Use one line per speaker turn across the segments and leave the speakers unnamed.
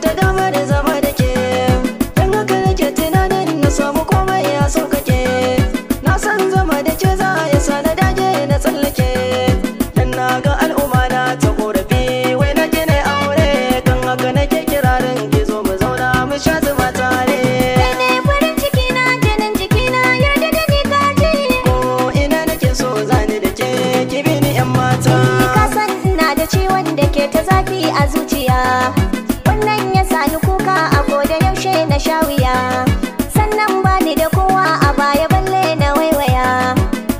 ta damar zama da ke don haka nake tunanin na samu komai ya sauƙaƙe na san zama da ke za a yasa na dage na tsallake dan na ga al'umma na ta korafi wai na gina aure don haka nake kirarin ki zo mu zauna mu sha zuba tare
Ciwon da ke ta zafi a zuciya na sannan ba ni da kowa a baya balle na waiwaya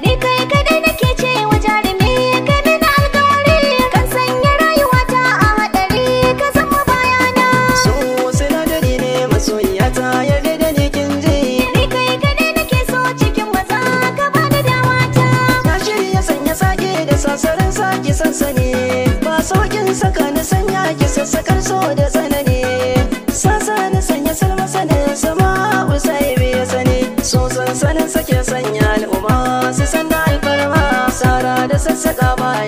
ni kai kadai nake ce wa jarumi kadai
na alkawari kan sanya rayuwata a hadari ka zama bayana so sinadari ne masoyiya ta yarda da ni kin ji ni kai kadai nake so cikin maza ka bani dama ta na shirya sanya sake da sasarin sake sansani sassaƙa ba